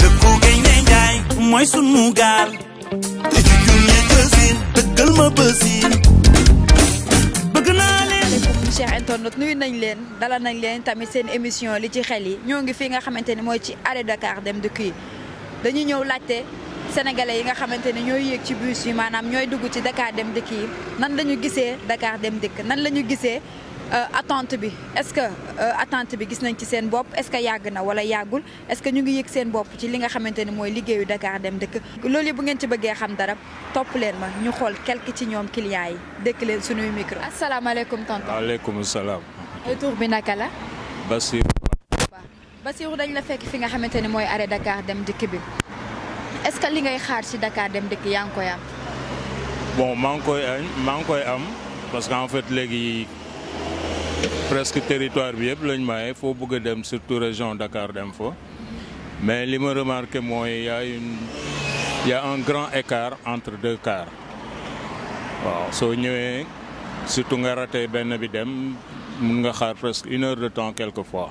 dëkku mooy sunu gaal li fi junne bësin bëgg naa leen Cheikh internet nuyu nañ leen dalal nañ leen tamit seen émission li ci xel yi ñoo ngi fii nga xamante ni mooy ci arrêt Dakar dem dëkk yi dañuy ñëw laajte sénégalais yi nga xamante ne ñooy yéeg ci bus yi maanaam ñooy dugg ci Dakar dem dëkk yi nan lañu gisee Dakar dem dëkk nan lañu gisee Euh, attente bi est-ce que euh, attente bi gis nañ ci seen bopp est-ce que yàgg na wala yàggul est-ce ñu ngi yëg seen bopp ci li nga xamante ni mooy liggéeyu Dakar dem dëkk. loolu yi bu ngeen ci bëggee xam dara topp leen ma ñu xool quelque ci ñoom clients yi dëkk leen suñuy micro. asalaamaaleykum tonton. waaleykum salaam. tur bi naka la. Basir. Basirou dañ la fekk fi nga xamante ni mooy arrêt Dakar dem dikk bi est-ce que li ngay xaar ci Dakar dem dikk yaa ngi koy am. bon maa ngi koy maa ngi am parce léegi. presque territoire vieux, il lañ maye fo bëgg dem surtout région Dakar dem mais li ma remarque remarque, y y a un grand écart entre deux cars Si so ñëwee surtout nga raté ben bi dem nga presque une heure de temps quelquefois.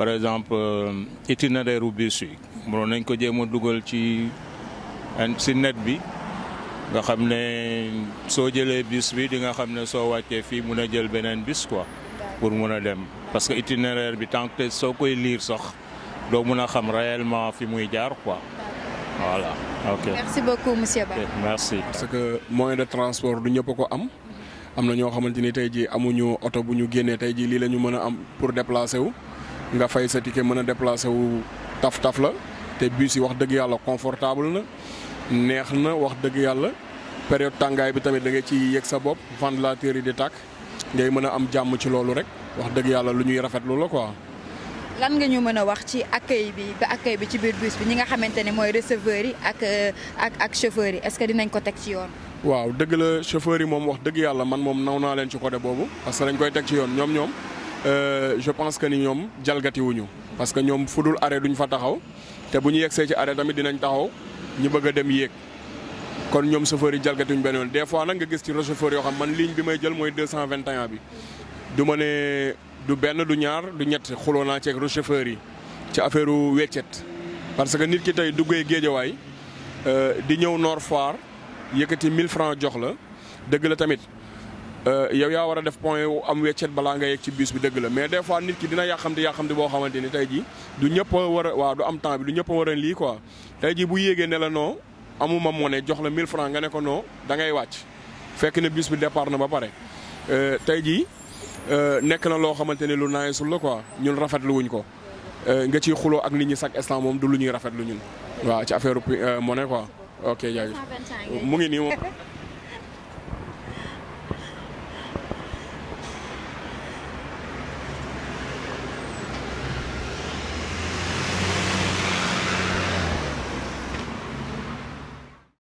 par exemple euh, itinéraire u bus mon nañ ko jéem dougal ci ci net bi nga xamné so soo bus bi di nga xamné so waccé fi fii mun a jël beneen bus quoi pour mun dem parce que itinéraire bi tant que soo koy lire sax do mun xam réellement fi muy jaar quoi voilà ok merci beaucoup monsieur Ba. merci. parce que moyen de transport du ñëpp ko am amna ño xamanteni tay ji amuñu auto buñu ñu tay ji li lañu mëna am pour déplacer wu. nga fay sa ticket mën déplacer wu taf taf la te bus yi wax dëgg yalla confortable na neex na wax dëgg yalla période tangay bi tamit da nga ci yek sa bopp ventilateur yi di tàkk ngay mën am jamm ci lolu rek wax dëgg yalla lu ñuy rafetlu la quoi. lan nga ñu mëna wax ci accueil bi ba accueil bi ci biir bus bi ñi nga xamantene moy receveur yi ak euh, ak ak chauffeur yi est-ce que dinañ ko tek ci yoon. waaw dëgg la chauffeur yi moom wax dëgg yàlla man moom naw naa leen ci côté boobu parce que dañ koy teg ci yoon ñoom ñoom. Euh, je pense que ni ñoom jalgati parce que ñoom fu dul arrêt duñ fa taxaw te bu ñu yegsee ci arrêt tamit dinañ taxaw ñu bëgg a dem yéeg kon ñoom chauffeurs yi jalgatiwuñ benn yoon des fois nag nga gis ci chauffeur yoo xam man ligne bi may jël mooy 221 bi du ma ne du benn du ñaar du ñett xuloo naa ceeg chauffeur yi ci affaire weccet parce que nit ki tey duggee géejawaay euh, di ñëw noor Foire yëkkati mille francs jox la dëgg la tamit Euh, yow yaa war a def point am weccet bala nga yegg ci bus bi dëgg la mais des fois nit ki dina yàqamti yàqamti boo xamante ni tey jii du ñëpp a war a du am temps bi du ñëpp a a lii quoi tey jii bu yéegee ne la non amuma monnaie jox la 1000 francs nga ne ko non da ngay wàcc fekk ne bus bi départ na ba pare euh, tey jii euh, nekk na loo xamante ne lu naayisul la quoi ñun rafetlu wuñ ko nga ciy xuloo ak nit ñi chaque instant moom du lu ñuy rafet lu ñun waaw ci affaire monnaie quoi ok jaajëf mu ngi